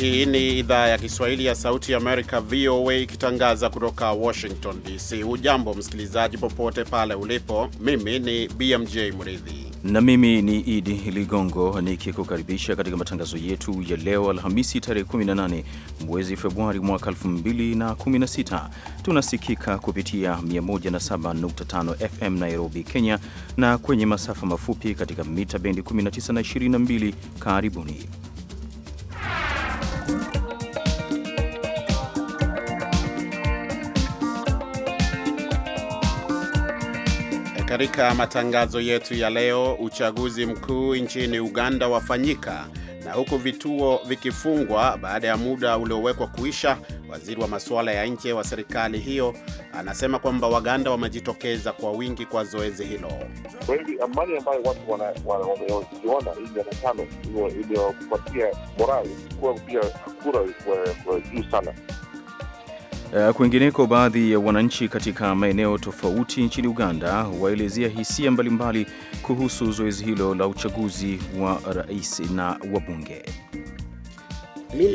Hii ni idhaa ya Kiswahili ya Sauti ya Amerika, VOA, ikitangaza kutoka Washington DC. Hujambo msikilizaji, popote pale ulipo. Mimi ni BMJ Mridhi na mimi ni Idi Ligongo nikikukaribisha katika matangazo yetu ya leo Alhamisi, tarehe 18 mwezi Februari mwaka 2016. Tunasikika kupitia 107.5 FM Nairobi, Kenya, na kwenye masafa mafupi katika mita bendi 19 na 22. Karibuni. Katika matangazo yetu ya leo, uchaguzi mkuu nchini Uganda wafanyika na huku vituo vikifungwa baada ya muda uliowekwa kuisha, Waziri wa masuala ya nje wa serikali hiyo anasema kwamba Waganda wamejitokeza kwa wingi kwa zoezi hilo. Kweli amani ambayo watu wameiona tano iliyopatia morali kuwa pia kura kwa juu sana. Eh, kwingineko, baadhi ya wananchi katika maeneo tofauti nchini Uganda waelezea hisia mbalimbali kuhusu zoezi hilo la uchaguzi wa rais na wabunge. Mi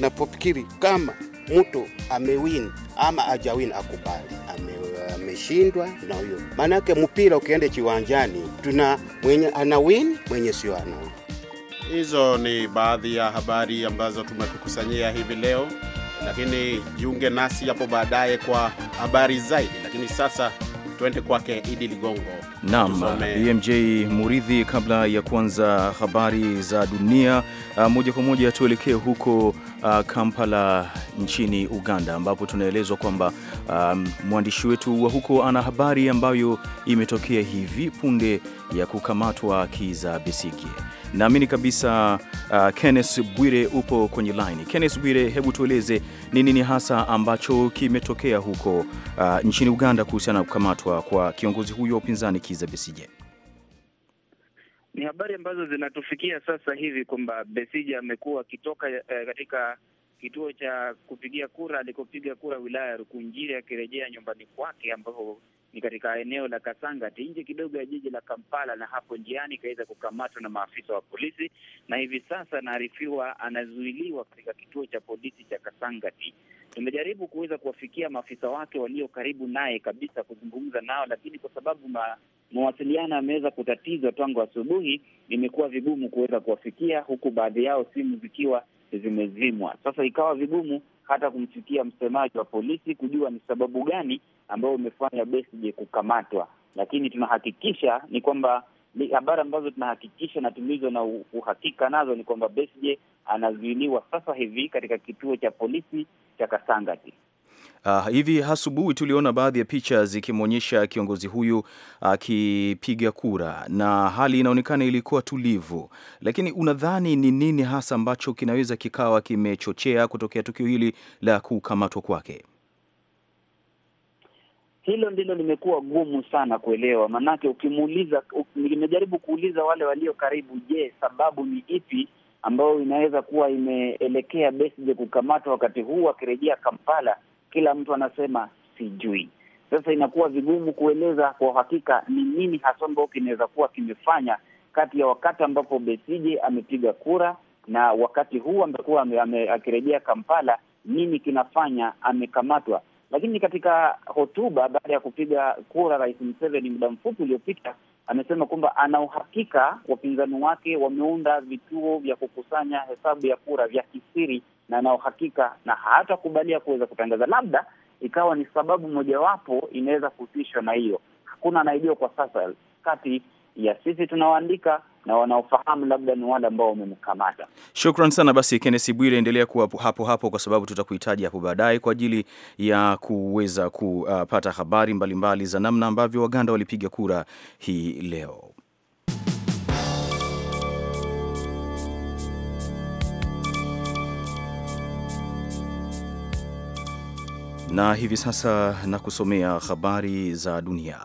napofikiri kama mtu amewin ama ajawin akubali ameshindwa na huyo. Maanake mpira ukienda kiwanjani, tuna mwenye ana win, mwenye sio ana. Hizo ni baadhi ya habari ambazo tumekukusanyia hivi leo, lakini jiunge nasi hapo baadaye kwa habari zaidi. Lakini sasa tuende kwake Idi Ligongo. nam BMJ Muridhi, kabla ya kuanza habari za dunia moja kwa moja tuelekee huko uh, Kampala nchini Uganda, ambapo tunaelezwa kwamba um, mwandishi wetu wa huko ana habari ambayo imetokea hivi punde ya kukamatwa Kiza Besigye. Naamini kabisa uh, Kenneth Bwire upo kwenye line. Kenneth Bwire, hebu tueleze ni nini hasa ambacho kimetokea huko uh, nchini Uganda kuhusiana na kukamatwa kwa kiongozi huyo wa upinzani Kiza Besigye. Ni habari ambazo zinatufikia sasa hivi kwamba Besija amekuwa akitoka eh, katika kituo cha kupigia kura alikopiga kura wilaya ya Rukunjiri akirejea nyumbani kwake ambapo ni katika eneo la Kasangati nje kidogo ya jiji la Kampala, na hapo njiani ikaweza kukamatwa na maafisa wa polisi, na hivi sasa anaarifiwa anazuiliwa katika kituo cha polisi cha Kasangati. Tumejaribu kuweza kuwafikia maafisa wake walio karibu naye kabisa kuzungumza nao, lakini kwa sababu ma mawasiliano yameweza kutatizwa tangu asubuhi, imekuwa vigumu kuweza kuwafikia, huku baadhi yao simu zikiwa zimezimwa. Sasa ikawa vigumu hata kumsikia msemaji wa polisi kujua ni sababu gani ambayo imefanya Besigye kukamatwa. Lakini tunahakikisha ni kwamba habari ambazo tunahakikisha na tulizo na uhakika nazo ni kwamba Besigye anazuiliwa sasa hivi katika kituo cha polisi cha Kasangati. Uh, hivi asubuhi tuliona baadhi ya picha zikimwonyesha kiongozi huyu akipiga uh, kura na hali inaonekana ilikuwa tulivu, lakini unadhani ni nini hasa ambacho kinaweza kikawa kimechochea kutokea tukio hili la kukamatwa kwake? Hilo ndilo limekuwa gumu sana kuelewa, maanake ukimuuliza, nimejaribu kuuliza wale walio karibu, je, sababu ni ipi ambayo inaweza kuwa imeelekea Besigye kukamatwa wakati huu akirejea Kampala kila mtu anasema sijui. Sasa inakuwa vigumu kueleza kwa uhakika ni nini hasa ambao kinaweza kuwa kimefanya kati ya wakati ambapo besije amepiga kura na wakati huu amekuwa akirejea Kampala, nini kinafanya amekamatwa. Lakini katika hotuba baada ya kupiga kura, Rais Museveni muda mfupi uliopita amesema kwamba ana uhakika wapinzani wake wameunda vituo vya kukusanya hesabu ya kura vya kisiri na na uhakika na hatakubalia kuweza kutangaza. Labda ikawa ni sababu mojawapo inaweza kuhusishwa na hiyo. Hakuna anayejua kwa sasa, kati ya sisi tunaoandika na wanaofahamu labda ni wale ambao wamemkamata. Shukran sana. Basi Kennesi Bwire, endelea kuwa hapo hapo kwa sababu tutakuhitaji hapo baadaye kwa ajili ya kuweza kupata habari mbalimbali mbali za namna ambavyo Waganda walipiga kura hii leo. Na hivi sasa na kusomea habari za dunia.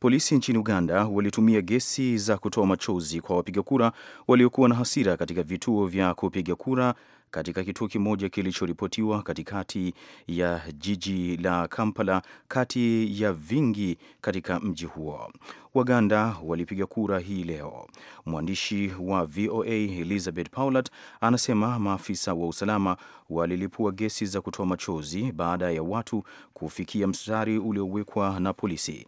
Polisi nchini Uganda walitumia gesi za kutoa machozi kwa wapiga kura waliokuwa na hasira katika vituo vya kupiga kura katika kituo kimoja kilichoripotiwa katikati ya jiji la Kampala, kati ya vingi katika mji huo. Waganda walipiga kura hii leo. Mwandishi wa VOA Elizabeth Paulat anasema maafisa wa usalama walilipua gesi za kutoa machozi baada ya watu kufikia mstari uliowekwa na polisi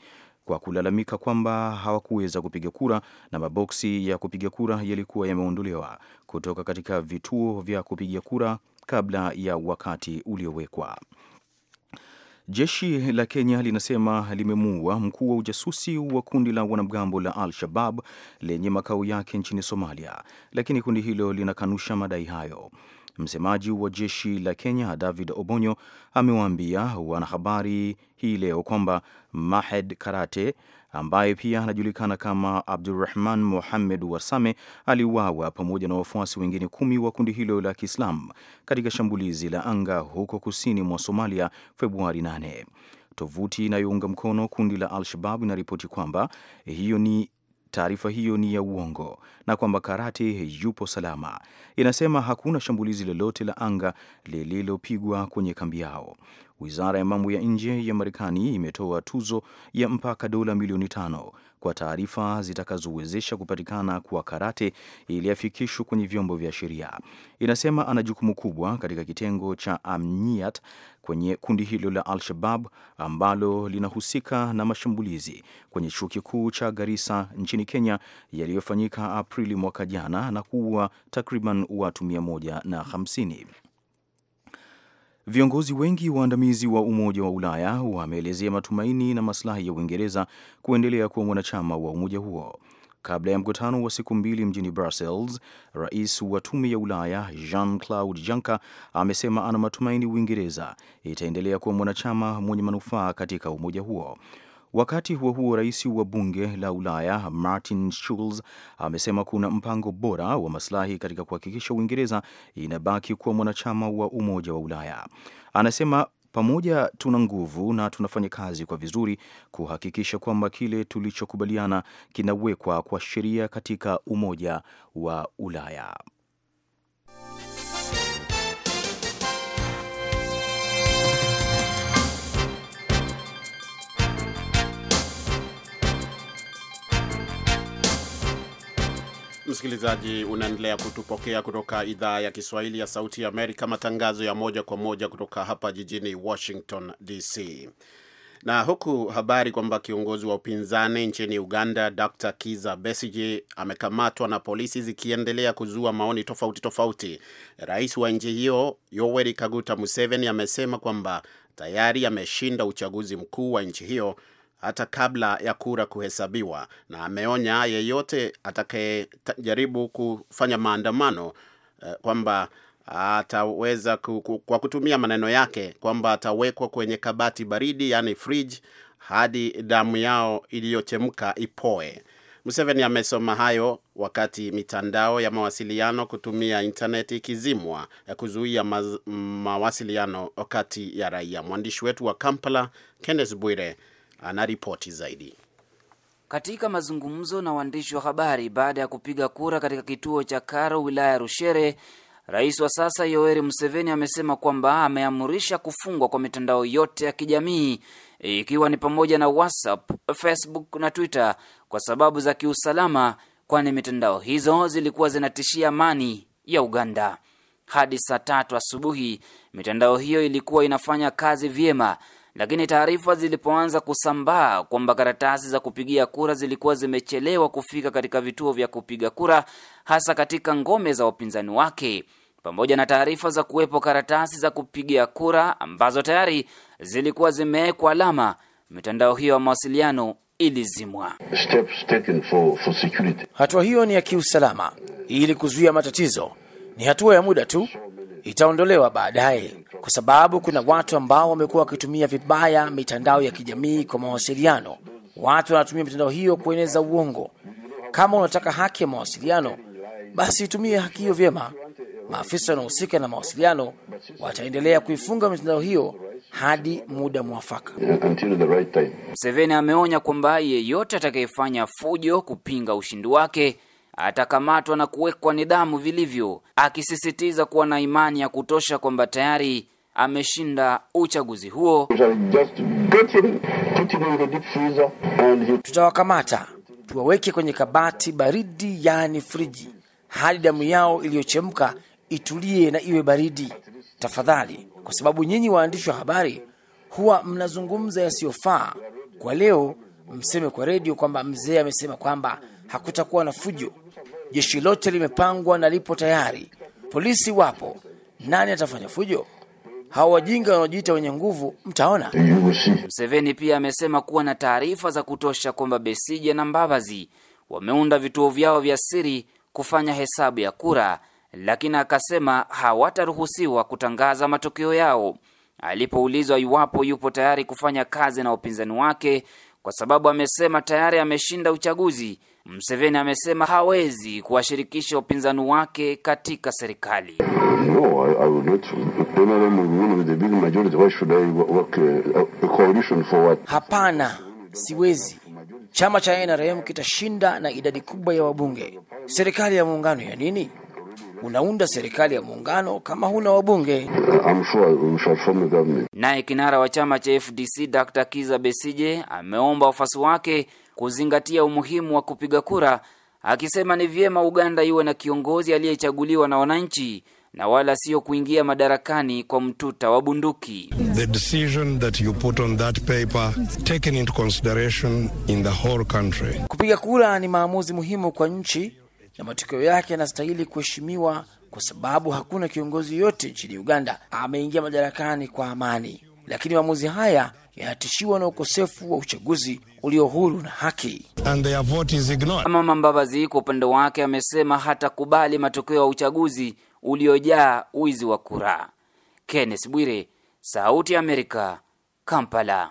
kwa kulalamika kwamba hawakuweza kupiga kura na maboksi ya kupiga kura yalikuwa yameondolewa kutoka katika vituo vya kupiga kura kabla ya wakati uliowekwa. Jeshi la Kenya linasema limemuua mkuu wa ujasusi wa kundi la wanamgambo la Al-Shabab lenye makao yake nchini Somalia, lakini kundi hilo linakanusha madai hayo. Msemaji wa jeshi la Kenya David Obonyo amewaambia wanahabari hii leo kwamba Mahed Karate ambaye pia anajulikana kama Abdurrahman muhammed Wasame aliuawa pamoja na wafuasi wengine kumi wa kundi hilo la Kiislamu katika shambulizi la anga huko kusini mwa Somalia Februari 8. Tovuti inayounga mkono kundi la Al-Shabab inaripoti kwamba hiyo ni taarifa hiyo ni ya uongo na kwamba karati yupo salama. Inasema hakuna shambulizi lolote la anga lililopigwa kwenye kambi yao. Wizara ya mambo ya nje ya Marekani imetoa tuzo ya mpaka dola milioni tano kwa taarifa zitakazowezesha kupatikana kwa Karate ili afikishwe kwenye vyombo vya sheria. Inasema ana jukumu kubwa katika kitengo cha Amniyat kwenye kundi hilo la Al-Shabab ambalo linahusika na mashambulizi kwenye chuo kikuu cha Garissa nchini Kenya yaliyofanyika Aprili mwaka jana na kuua takriban watu 150. Viongozi wengi waandamizi wa Umoja wa Ulaya wameelezea matumaini na maslahi ya Uingereza kuendelea kuwa mwanachama wa umoja huo. Kabla ya mkutano wa siku mbili mjini Brussels, rais wa Tume ya Ulaya Jean Claude Juncker amesema ana matumaini Uingereza itaendelea kuwa mwanachama mwenye manufaa katika umoja huo. Wakati huo huo, rais wa bunge la Ulaya Martin Schulz amesema kuna mpango bora wa masilahi katika kuhakikisha Uingereza inabaki kuwa mwanachama wa Umoja wa Ulaya. Anasema pamoja tuna nguvu na tunafanya kazi kwa vizuri kuhakikisha kwamba kile tulichokubaliana kinawekwa kwa sheria katika Umoja wa Ulaya. msikilizaji, unaendelea kutupokea kutoka idhaa ya Kiswahili ya Sauti Amerika, matangazo ya moja kwa moja kutoka hapa jijini Washington DC. Na huku habari kwamba kiongozi wa upinzani nchini Uganda Dr. Kiza Besige amekamatwa na polisi zikiendelea kuzua maoni tofauti tofauti, rais wa nchi hiyo Yoweri Kaguta Museveni amesema kwamba tayari ameshinda uchaguzi mkuu wa nchi hiyo hata kabla ya kura kuhesabiwa, na ameonya yeyote atakayejaribu kufanya maandamano eh, kwamba ataweza kwa kutumia maneno yake kwamba atawekwa kwenye kabati baridi, yani fridge, hadi damu yao iliyochemka ipoe. Museveni amesoma hayo wakati mitandao ya mawasiliano kutumia intaneti ikizimwa ya kuzuia mawasiliano kati ya raia. Mwandishi wetu wa Kampala Kenneth Bwire anaripoti zaidi. Katika mazungumzo na waandishi wa habari baada ya kupiga kura katika kituo cha Karo wilaya ya Rushere, rais wa sasa Yoweri Museveni amesema kwamba ameamurisha kufungwa kwa mitandao yote ya kijamii ikiwa ni pamoja na WhatsApp, Facebook na Twitter kwa sababu za kiusalama, kwani mitandao hizo zilikuwa zinatishia amani ya Uganda. Hadi saa tatu asubuhi mitandao hiyo ilikuwa inafanya kazi vyema lakini taarifa zilipoanza kusambaa kwamba karatasi za kupigia kura zilikuwa zimechelewa kufika katika vituo vya kupiga kura, hasa katika ngome za wapinzani wake, pamoja na taarifa za kuwepo karatasi za kupigia kura ambazo tayari zilikuwa zimewekwa alama, mitandao hiyo ya mawasiliano ilizimwa. Hatua hiyo ni ya kiusalama ili kuzuia matatizo, ni hatua ya muda tu, itaondolewa baadaye kwa sababu kuna watu ambao wamekuwa wakitumia vibaya mitandao ya kijamii kwa mawasiliano. Watu wanatumia mitandao hiyo kueneza uongo. Kama unataka haki ya mawasiliano, basi itumie haki hiyo vyema. Maafisa wanaohusika na mawasiliano wataendelea kuifunga mitandao hiyo hadi muda mwafaka. Museveni ameonya kwamba yeyote atakayefanya fujo kupinga ushindi wake atakamatwa na kuwekwa nidhamu vilivyo, akisisitiza kuwa na imani ya kutosha kwamba tayari ameshinda uchaguzi huo. Tutawakamata tuwaweke kwenye kabati baridi, yaani friji, hadi damu yao iliyochemka itulie na iwe baridi. Tafadhali, kwa sababu nyinyi waandishi wa habari huwa mnazungumza yasiyofaa, kwa leo mseme kwa redio kwamba mzee amesema kwamba hakutakuwa na fujo. Jeshi lote limepangwa na lipo tayari, polisi wapo. Nani atafanya fujo? Hawa wajinga wanaojiita wenye nguvu mtaona. Mseveni pia amesema kuwa na taarifa za kutosha kwamba Besije na Mbabazi wameunda vituo vyao vya siri kufanya hesabu ya kura, lakini akasema hawataruhusiwa kutangaza matokeo yao. Alipoulizwa iwapo yupo tayari kufanya kazi na upinzani wake, kwa sababu amesema tayari ameshinda uchaguzi, Mseveni amesema hawezi kuwashirikisha upinzani wake katika serikali. Uh, Hapana, siwezi. Chama cha NRM kitashinda na idadi kubwa ya wabunge. Serikali ya muungano ya nini? Unaunda serikali ya muungano kama huna wabunge? Uh, Naye kinara wa chama cha FDC Dr. Kiza Besije ameomba wafuasi wake kuzingatia umuhimu wa kupiga kura, akisema ni vyema Uganda iwe na kiongozi aliyechaguliwa na wananchi na wala sio kuingia madarakani kwa mtuta wa bunduki. The decision that you put on that paper taken into consideration in the whole country. Kupiga kura ni maamuzi muhimu kwa nchi na matokeo yake yanastahili kuheshimiwa, kwa sababu hakuna kiongozi yoyote nchini Uganda ameingia madarakani kwa amani, lakini maamuzi haya yanatishiwa na ukosefu wa uchaguzi ulio huru na haki. Ama Mambabazi kwa upande wake amesema hatakubali matokeo ya uchaguzi uliojaa wizi wa kura. Kenneth Bwire, Sauti ya Amerika, Kampala.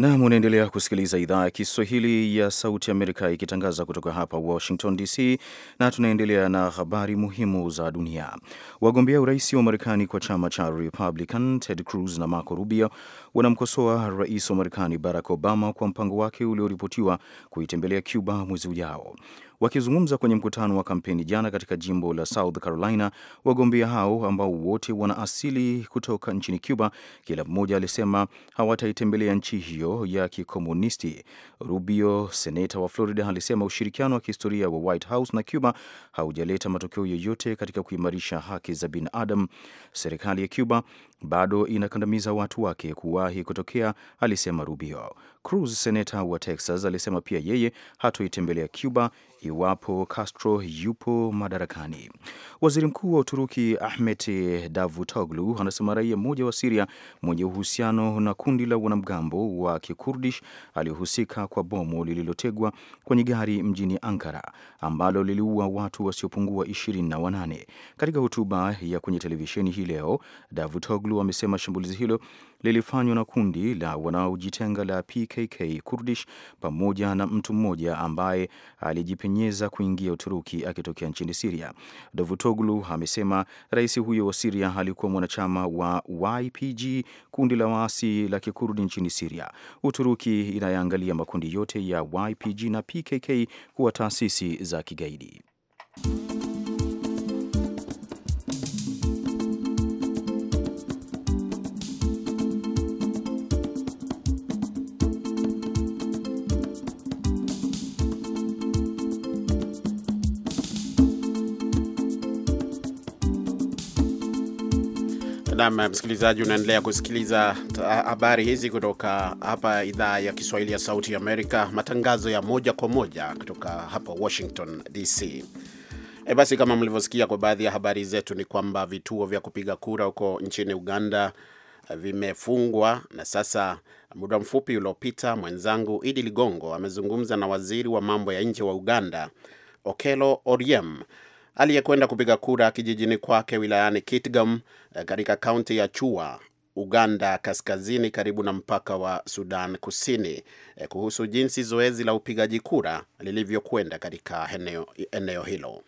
Nam, unaendelea kusikiliza idhaa ya Kiswahili ya Sauti Amerika ikitangaza kutoka hapa Washington DC, na tunaendelea na habari muhimu za dunia. Wagombea urais wa Marekani kwa chama cha Republican Ted Cruz na Marco Rubio wanamkosoa rais wa Marekani Barack Obama kwa mpango wake ulioripotiwa kuitembelea Cuba mwezi ujao. Wakizungumza kwenye mkutano wa kampeni jana katika jimbo la South Carolina, wagombea hao ambao wote wana asili kutoka nchini Cuba, kila mmoja alisema hawataitembelea nchi hiyo ya kikomunisti. Rubio, seneta wa Florida, alisema ushirikiano wa kihistoria wa White House na Cuba haujaleta matokeo yoyote katika kuimarisha haki za binadamu. Serikali ya Cuba bado inakandamiza watu wake kuwahi kutokea, alisema Rubio. Cruz, seneta wa Texas, alisema pia yeye hatoitembelea Cuba iwapo Castro yupo madarakani. Waziri mkuu wa Uturuki Ahmet Davutoglu anasema raia mmoja wa Siria mwenye uhusiano na kundi la wanamgambo wa Kikurdish alihusika kwa bomu lililotegwa kwenye gari mjini Ankara ambalo liliua watu wasiopungua ishirini na wanane. Katika hotuba ya kwenye televisheni hii leo Davutoglu Davutoglu amesema shambulizi hilo lilifanywa na kundi la wanaojitenga la PKK Kurdish pamoja na mtu mmoja ambaye alijipenyeza kuingia Uturuki akitokea nchini Siria. Davutoglu amesema rais huyo wa Siria alikuwa mwanachama wa YPG, kundi la waasi la kikurdi nchini Siria. Uturuki inayaangalia makundi yote ya YPG na PKK kuwa taasisi za kigaidi. Nam msikilizaji, unaendelea kusikiliza uh, habari hizi kutoka hapa idhaa ya Kiswahili ya Sauti ya Amerika, matangazo ya moja kwa moja kutoka hapa Washington DC. E, basi kama mlivyosikia kwa baadhi ya habari zetu ni kwamba vituo vya kupiga kura huko nchini Uganda uh, vimefungwa na sasa. Muda mfupi uliopita, mwenzangu Idi Ligongo amezungumza na waziri wa mambo ya nje wa Uganda, Okello Oryem aliyekwenda kupiga kura kijijini kwake wilayani Kitgum eh, katika kaunti ya Chua, Uganda kaskazini karibu na mpaka wa Sudan Kusini eh, kuhusu jinsi zoezi la upigaji kura lilivyokwenda katika eneo, eneo hilo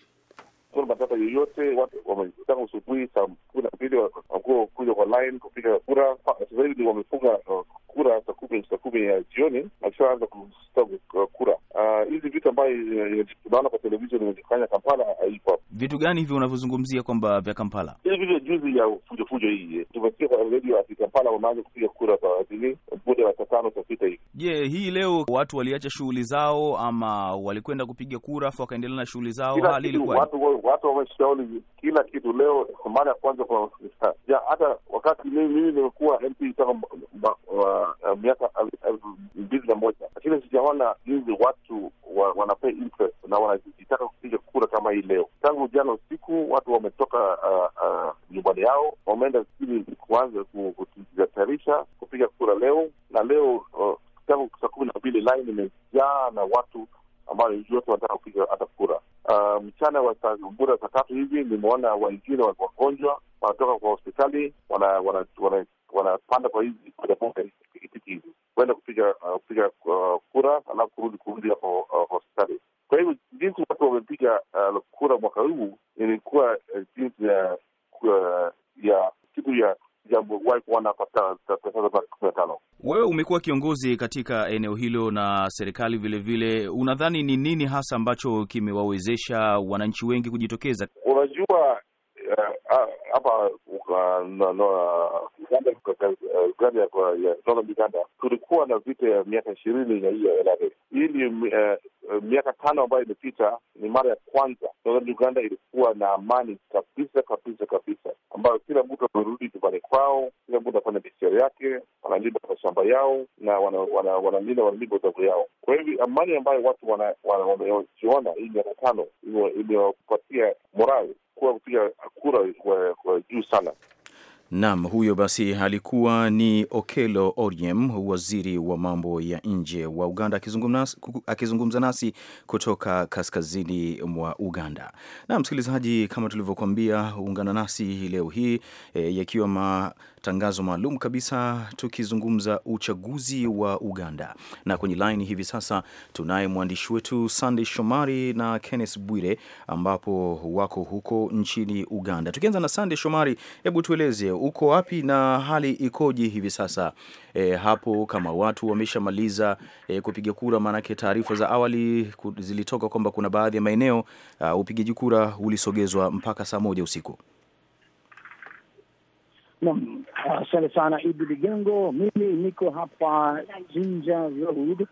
kuna matata yoyote. Watu wametangu asubuhi saa kumi na mbili wakuwa kuja kwa line kupiga kura. Sasa hivi wamefunga uh, kura saa kumi saa kumi ya jioni, akishaanza kusta uh, kura. Uh, hizi vitu ambayo tunaona kwa televishen imejifanya Kampala haipo. Vitu gani hivyo unavyozungumzia kwamba vya Kampala? Hivi vitu juzi ya fujofujo hii tumesikia kwa redio ati Kampala wanaanza kupiga kura saa nini muda wa saa tano saa sita hivi Je, hii leo watu waliacha shughuli zao ama walikwenda kupiga kura afu wakaendelea na shughuli zao? Hali ilikuwa watu watu wameshauri kila kitu leo, kwa mara ya kwanza kwa hata wakati mimi nimekuwa MP toka miaka elfu mbili na moja, lakini sijaona jinsi watu wanapea interest na wanajitaka kupiga kura kama hii leo. Tangu jana usiku watu wametoka uh, uh, nyumbani yao, wameenda skuli kuanza kujitayarisha kupiga kura leo, na leo uh, kumi na mbili line imejaa na watu ambayo yote wanataka kupiga hata kura. Uh, mchana wa muda saa tatu hivi nimeona wengine wagonjwa wanatoka kwa hospitali wanapanda kwa hizi pikipiki hizi kuenda kupiga ah, kupiga ah, kura alafu kurudi kurudi hapo hospitali. Kwa hivyo jinsi watu wamepiga uh, kura mwaka huu ilikuwa eh, jinsi ya ya siku ya jambo waikuona kwa saa kumi na tano wewe umekuwa kiongozi katika eneo hilo na serikali vilevile vile. Unadhani ni nini hasa ambacho kimewawezesha wananchi wengi kujitokeza? Unajua eh, ah, hapa eh, eh, Uganda tulikuwa na vita ya miaka ishirini na hiyo Hii ni miaka tano ambayo imepita, ni mara ya kwanza Uganda ilikuwa na amani kabisa kabisa kabisa ambayo kila mtu amerudi nyumbani kwao, kila mtu anafanya biashara yake, wanalinda mashamba yao na wanalinda wanalinda uzavu yao. Kwa hivyo amani ambayo watu wamejiona hii miaka tano imewapatia morali kuwa kupiga kura eh, kwa juu sana. Nam, huyo basi alikuwa ni Okelo Oryem, waziri wa mambo ya nje wa Uganda, akizungumza nasi kutoka kaskazini mwa Uganda. Na msikilizaji, kama tulivyokuambia, ungana nasi leo hii e, yakiwa matangazo maalum kabisa tukizungumza uchaguzi wa Uganda, na kwenye laini hivi sasa tunaye mwandishi wetu Sandey Shomari na Kenneth Bwire, ambapo wako huko nchini Uganda. Tukianza na Sandey Shomari, hebu tueleze uko wapi na hali ikoje hivi sasa e, hapo kama watu wameshamaliza e, kupiga kura? Maanake taarifa za awali zilitoka kwamba kuna baadhi ya maeneo upigaji kura ulisogezwa mpaka saa moja usiku. Naam, asante sana Idi Ligongo. Mimi niko hapa Jinja Road.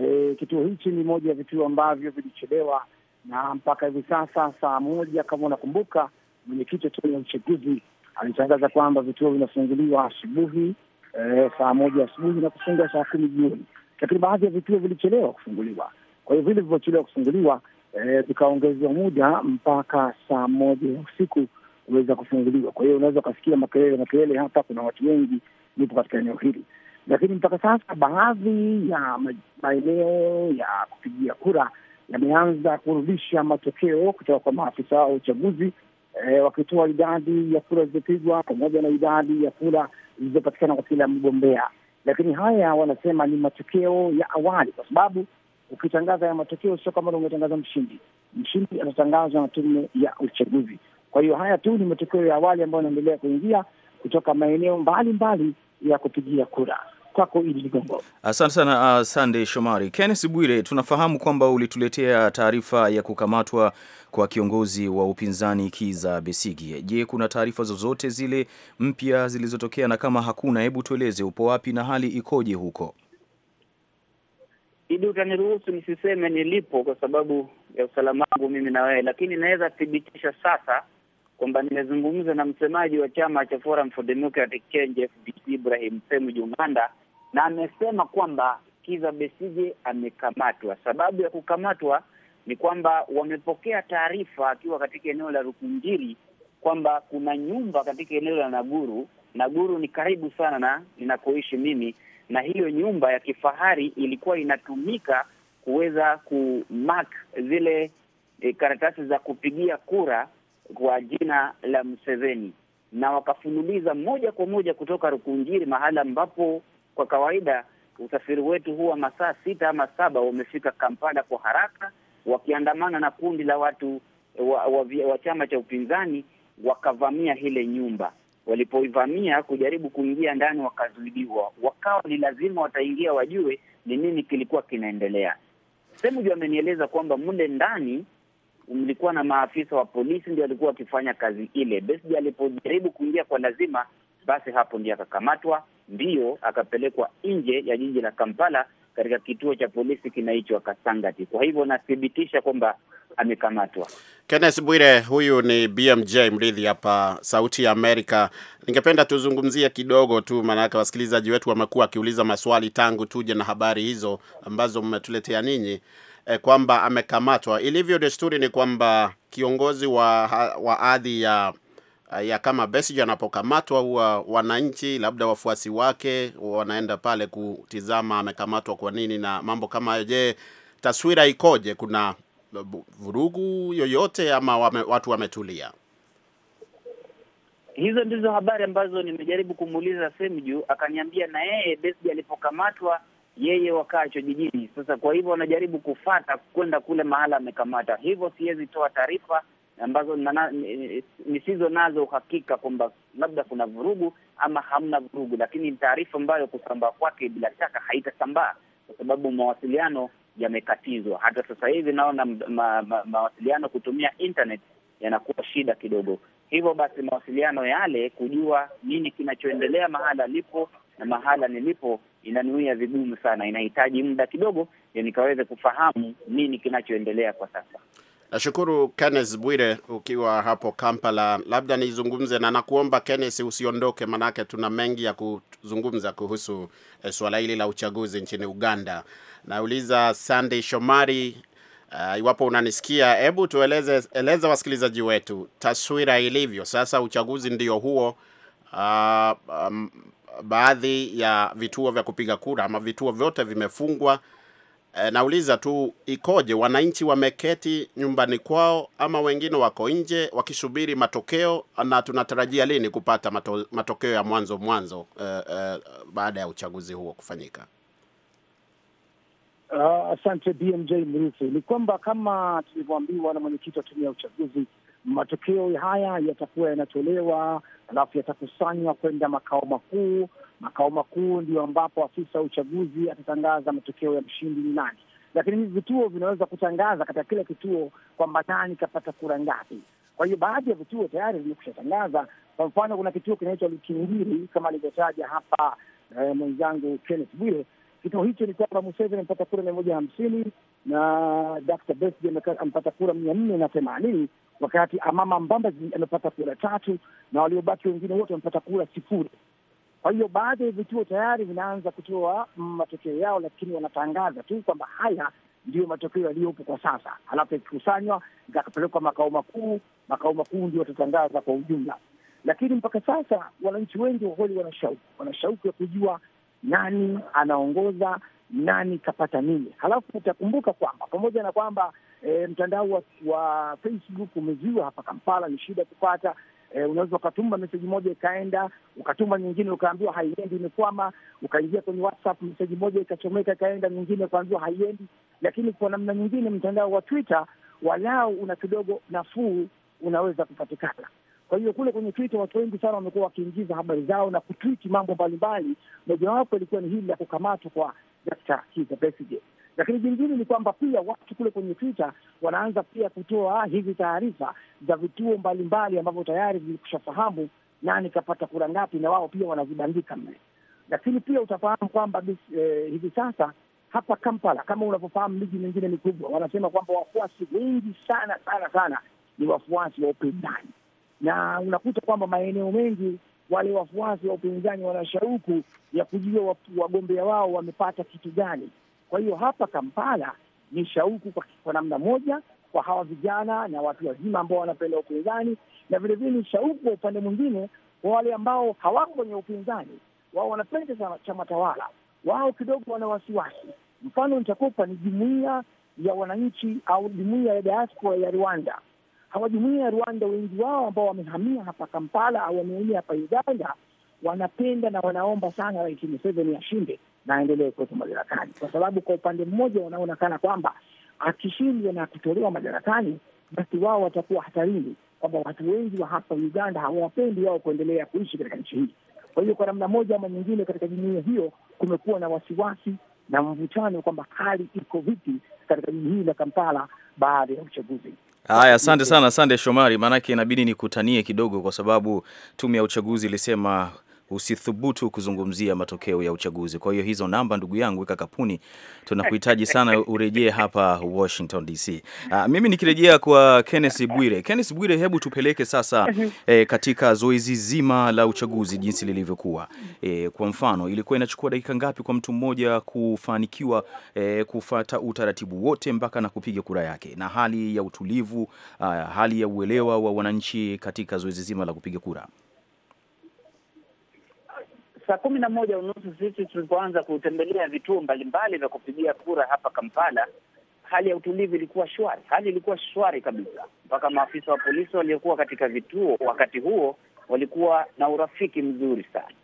E, kituo hichi ni moja ya vituo ambavyo vilichelewa na mpaka hivi sasa saa moja, kama unakumbuka, mwenyekiti wa tume ya uchaguzi alitangaza kwamba vituo vinafunguliwa asubuhi eh, saa moja asubuhi na kufunga saa kumi jioni, lakini baadhi ya vituo vilichelewa kufunguliwa. Kwa hiyo vile vilivyochelewa kufunguliwa eh, vikaongezwa e, muda mpaka saa moja ya usiku kuweza kufunguliwa. Kwa hiyo unaweza ukasikia makelele makelele hapa, kuna watu wengi nipo katika eneo hili, lakini mpaka sasa baadhi ya maeneo ya kupigia kura yameanza kurudisha matokeo kutoka kwa maafisa wa uchaguzi e, wakitoa idadi ya kura zilizopigwa pamoja na idadi ya kura zilizopatikana kwa kila mgombea. Lakini haya wanasema ni matokeo ya awali, kwa sababu ukitangaza ya matokeo sio kama umetangaza mshindi. Mshindi atatangazwa na tume ya uchaguzi. Kwa hiyo haya tu ni matokeo ya awali ambayo yanaendelea kuingia kutoka maeneo mbalimbali ya kupigia kura kwako ili ligongo. Asante sana uh, Sande Shomari. kennes Bwire, tunafahamu kwamba ulituletea taarifa ya kukamatwa kwa kiongozi wa upinzani Kiza Besigi. Je, kuna taarifa zozote zile mpya zilizotokea? Na kama hakuna, hebu tueleze upo wapi na hali ikoje huko? Idi, utaniruhusu nisiseme nilipo kwa sababu ya usalama wangu mimi na wewe, lakini naweza thibitisha sasa kwamba nimezungumza na msemaji wa chama cha Forum for Democratic Change FDC, Ibrahim Semu Jumanda na amesema kwamba kiza besije amekamatwa. Sababu ya kukamatwa ni kwamba wamepokea taarifa akiwa katika eneo la Rukunjiri kwamba kuna nyumba katika eneo la Naguru. Naguru ni karibu sana na ninakoishi mimi, na hiyo nyumba ya kifahari ilikuwa inatumika kuweza kumark zile e, karatasi za kupigia kura kwa jina la Museveni, na wakafunuliza moja kwa moja kutoka Rukunjiri, mahala ambapo kwa kawaida usafiri wetu huwa masaa sita ama saba wamefika Kampala kwa haraka, wakiandamana na kundi la watu wa, wa, wa chama cha upinzani wakavamia ile nyumba. Walipoivamia kujaribu kuingia ndani, wakazuiliwa, wakawa ni lazima wataingia wajue ni nini kilikuwa kinaendelea. sehemu juu amenieleza kwamba mle ndani mlikuwa na maafisa wa polisi ndio walikuwa wakifanya kazi ile. Besigye alipojaribu kuingia kwa lazima, basi hapo ndio akakamatwa ndiyo akapelekwa nje ya jiji la Kampala katika kituo cha polisi kinaitwa Kasangati. Kwa hivyo nathibitisha kwamba amekamatwa. Kenneth Bwire, huyu ni BMJ Mridhi hapa Sauti ya Amerika. Ningependa tuzungumzie kidogo tu, maanake wasikilizaji wetu wamekuwa wakiuliza maswali tangu tuje na habari hizo ambazo mmetuletea ninyi e, kwamba amekamatwa. Ilivyo desturi ni kwamba kiongozi wa, wa adhi ya Eh, ya kama Besigye anapokamatwa huwa wananchi labda wafuasi wake wanaenda pale kutizama amekamatwa kwa nini na mambo kama hayo. Je, taswira ikoje? Kuna vurugu yoyote ama wame, watu wametulia? Hizo ndizo habari ambazo nimejaribu kumuuliza Semju, akaniambia na yeye Besigye alipokamatwa yeye wakacho jijini. Sasa kwa hivyo wanajaribu kufata kwenda kule mahala amekamata, hivyo siwezi toa taarifa ambazo nisizo nazo uhakika kwamba labda kuna vurugu ama hamna vurugu, lakini ni taarifa ambayo kusambaa kwake bila shaka haitasambaa kwa sababu mawasiliano yamekatizwa. Hata sasa hivi naona ma, ma, ma, mawasiliano kutumia internet yanakuwa shida kidogo. Hivyo basi mawasiliano yale, kujua nini kinachoendelea mahala alipo na mahala nilipo, inanuia vigumu sana, inahitaji muda kidogo ya nikaweze kufahamu nini kinachoendelea kwa sasa. Nashukuru Kenneth Bwire ukiwa hapo Kampala. Labda nizungumze na nakuomba Kenneth usiondoke, manake tuna mengi ya kuzungumza kuhusu eh, suala hili la uchaguzi nchini Uganda. Nauliza Sandy Shomari Uh, iwapo unanisikia, hebu tueleze, eleza wasikilizaji wetu taswira ilivyo sasa. Uchaguzi ndio huo. Uh, um, baadhi ya vituo vya kupiga kura ama vituo vyote vimefungwa Eh, nauliza tu ikoje, wananchi wameketi nyumbani kwao ama wengine wako nje wakisubiri matokeo, na tunatarajia lini kupata mato, matokeo ya mwanzo mwanzo e, e, baada ya uchaguzi huo kufanyika? Uh, asante BMJ Mrithi. Ni kwamba kama tulivyoambiwa na mwenyekiti wa tume ya uchaguzi, matokeo haya yatakuwa yanatolewa, alafu yatakusanywa kwenda makao makuu Makao makuu ndio ambapo afisa wa uchaguzi atatangaza matokeo ya mshindi ni nani, lakini hivi vituo vinaweza kutangaza katika kila kituo kwamba nani kapata kura ngapi. Kwa hiyo baadhi ya vituo tayari vimekusha tangaza. Kwa mfano, kuna kituo kinaitwa Lukingiri kama alivyotaja hapa eh, mwenzangu Kenneth Bwire. Kituo hicho ni kwamba Museveni amepata kura mia moja hamsini na Dr. Besigye amepata kura mia nne na themanini wakati Amama Mbambazi amepata kura tatu na waliobaki wengine wote wamepata kura sifuri. Kwa hiyo baadhi ya vituo tayari vinaanza kutoa mm, matokeo yao, lakini wanatangaza tu kwamba haya ndiyo matokeo yaliyopo kwa sasa, halafu yakikusanywa yakapelekwa makao makuu. Makao makuu ndio watatangaza kwa ujumla, lakini mpaka sasa wananchi wengi kwa kweli wanashauku, wanashauku ya kujua nani anaongoza, nani kapata nini. Halafu utakumbuka kwamba pamoja na kwamba e, mtandao wa, wa Facebook umeziwa hapa Kampala, ni shida kupata eh, unaweza ukatuma meseji moja ikaenda, ukatuma nyingine ukaambiwa haiendi, imekwama. Ukaingia kwenye WhatsApp, meseji moja ikachomeka ikaenda, nyingine ukaambiwa haiendi. Lakini kwa namna nyingine, mtandao wa Twitter walau una kidogo nafuu, unaweza kupatikana. Kwa hiyo kule kwenye Twitter watu wengi sana wamekuwa wakiingiza habari zao na kutwiti mambo mbalimbali. Mojawapo ilikuwa ni hili la kukamatwa kwa Dr. Kizza Besigye. Lakini jingine ni kwamba pia watu kule kwenye Twitter wanaanza pia kutoa hizi taarifa za vituo mbalimbali ambavyo tayari vilishafahamu nani kapata kura ngapi, na wao pia wanazibandika mle. Lakini pia utafahamu kwamba eh, hivi sasa hapa Kampala, kama unavyofahamu miji mingine mikubwa, wanasema kwamba wafuasi wengi sana sana sana ni wafuasi wa upinzani, na unakuta kwamba maeneo mengi wale wafuasi wa upinzani wana shauku ya kujua wagombea wao wamepata kitu gani, kwa hiyo hapa Kampala ni shauku kwa, kwa namna moja kwa hawa vijana na watu wazima ambao wanapenda upinzani na vilevile ni shauku kwa upande mwingine kwa wale ambao hawako kwenye upinzani, wao wanapenda sana chama tawala, wao kidogo wana wasiwasi. Mfano nitakupa ni jumuia ya wananchi au jumuia ya diaspora ya Rwanda. Hawa jumuia ya Rwanda, wengi wao ambao wamehamia hapa Kampala au wamehamia hapa Uganda, wanapenda na wanaomba sana Rais Museveni ashinde, na aendelee kuwepo madarakani, kwa sababu kwa upande mmoja wanaonekana kwamba akishindwa na kutolewa madarakani, basi wao watakuwa hatarini, kwamba watu wengi wa hapa Uganda hawapendi wao kuendelea kuishi katika nchi hii. Kwa hiyo kwa namna moja ama nyingine, katika jumuia hiyo kumekuwa na wasiwasi na mvutano kwamba hali iko vipi katika jiji hili la Kampala baada ya uchaguzi. Haya, asante sana, asante Shomari, maanake inabidi nikutanie kidogo, kwa sababu tume ya uchaguzi ilisema usithubutu kuzungumzia matokeo ya uchaguzi. Kwa hiyo hizo namba, ndugu yangu, weka kapuni, tunakuhitaji sana urejee hapa Washington DC. Uh, ah, mimi nikirejea kwa Kenneth Bwire. Kenneth Bwire, hebu tupeleke sasa eh, katika zoezi zima la uchaguzi jinsi lilivyokuwa. Eh, kwa mfano ilikuwa inachukua dakika ngapi kwa mtu mmoja kufanikiwa eh, kufata utaratibu wote mpaka na kupiga kura yake, na hali ya utulivu uh, hali ya uelewa wa wananchi katika zoezi zima la kupiga kura? saa kumi na moja unusu sisi tulipoanza kutembelea vituo mbalimbali vya kupigia kura hapa Kampala, hali ya utulivu ilikuwa shwari, hali ilikuwa shwari kabisa, mpaka maafisa wa polisi waliokuwa katika vituo wakati huo walikuwa na urafiki mzuri sana.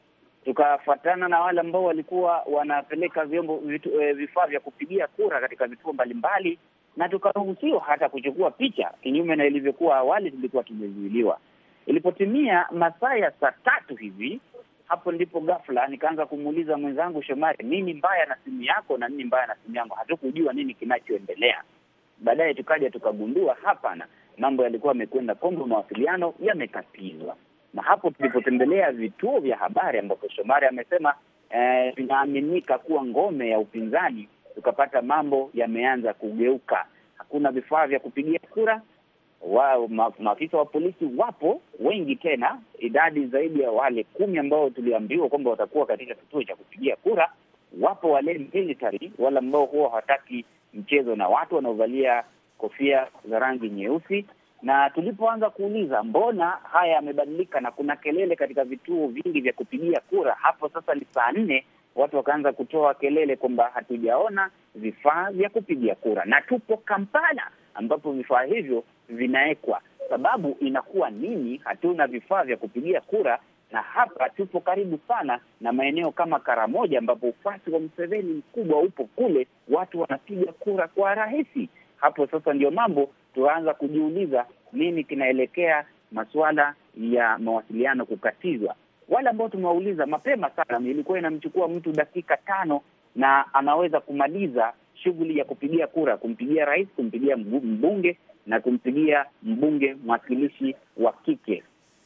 Tukafuatana na wale ambao walikuwa wanapeleka vyombo e, vifaa vya kupigia kura katika vituo mbalimbali, na tukaruhusiwa hata kuchukua picha, kinyume na ilivyokuwa awali tulikuwa tumezuiliwa. Ilipotimia masaa ya saa tatu hivi hapo ndipo ghafla nikaanza kumuuliza mwenzangu Shomari, nini mbaya na simu yako na nini mbaya na simu yangu? Hatukujua nini kinachoendelea. Baadaye tukaja tukagundua, hapana, mambo yalikuwa yamekwenda kombo, mawasiliano yamekatizwa. Na hapo tulipotembelea vituo vya habari ambapo Shomari amesema eh, vinaaminika e, kuwa ngome ya upinzani, tukapata mambo yameanza kugeuka. Hakuna vifaa vya kupigia kura, wa, maafisa wa polisi wapo wengi, tena idadi zaidi ya wale kumi ambao tuliambiwa kwamba watakuwa katika kituo cha kupigia kura. Wapo wale military wale ambao huwa hawataki mchezo na watu wanaovalia kofia za rangi nyeusi. Na tulipoanza kuuliza mbona haya yamebadilika na kuna kelele katika vituo vingi vya kupigia kura, hapo sasa ni saa nne, watu wakaanza kutoa kelele kwamba hatujaona vifaa vya kupigia kura, na tupo Kampala ambapo vifaa hivyo vinawekwa. Sababu inakuwa nini? Hatuna vifaa vya kupigia kura, na hapa tupo karibu sana na maeneo kama Karamoja ambapo ufuasi wa mseveni mkubwa upo kule, watu wanapiga kura kwa rahisi. Hapo sasa ndio mambo tunaanza kujiuliza, nini kinaelekea masuala ya mawasiliano kukatizwa. Wale ambao tumewauliza mapema sana, ilikuwa inamchukua mtu dakika tano na anaweza kumaliza shughuli ya kupigia kura, kumpigia rais, kumpigia mbunge na kumpigia mbunge mwakilishi wa kike.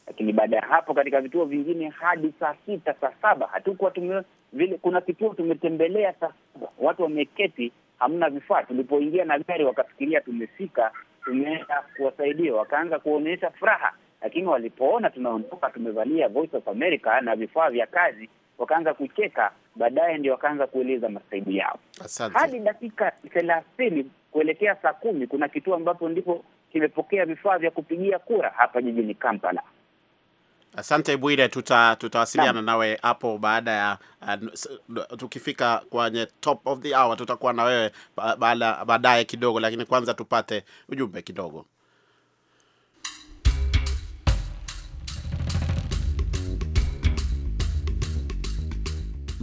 Lakini baada ya hapo, katika vituo vingine hadi saa sita, saa saba hatukuwa tume vile. Kuna kituo tumetembelea saa saba, watu wameketi, hamna vifaa. Tulipoingia na gari, wakafikiria tumefika, tumeenda kuwasaidia, wakaanza kuonyesha furaha, lakini walipoona tunaondoka tumevalia Voice of America na vifaa vya kazi wakaanza kucheka, baadaye ndio wakaanza kueleza masaibu yao. Asante. Hadi dakika thelathini kuelekea saa kumi kuna kituo ambapo ndipo kimepokea vifaa vya kupigia kura hapa jijini Kampala. Asante Bwire, tuta tutawasiliana nawe hapo baada ya uh, tukifika kwenye top of the hour tutakuwa na wewe baadaye kidogo, lakini kwanza tupate ujumbe kidogo.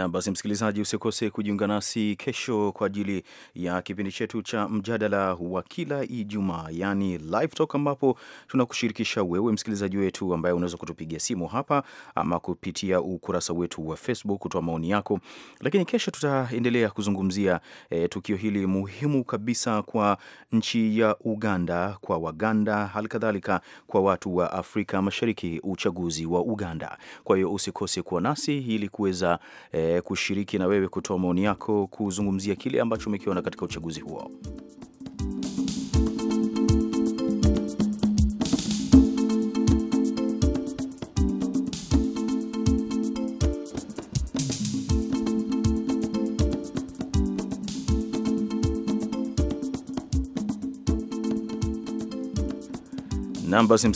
Na basi, msikilizaji, usikose kujiunga nasi kesho kwa ajili ya kipindi chetu cha mjadala wa kila Ijumaa, yani live talk, ambapo tunakushirikisha wewe msikilizaji wetu ambaye unaweza kutupigia simu hapa ama kupitia ukurasa wetu wa Facebook kutoa maoni yako. Lakini kesho tutaendelea kuzungumzia e, tukio hili muhimu kabisa kwa nchi ya Uganda, kwa Waganda, halikadhalika kwa watu wa Afrika Mashariki, uchaguzi wa Uganda. Kwa hiyo usikose kuwa nasi ili kuweza e, Eh, kushiriki na wewe kutoa maoni yako kuzungumzia kile ambacho umekiona katika uchaguzi huo. Nam basi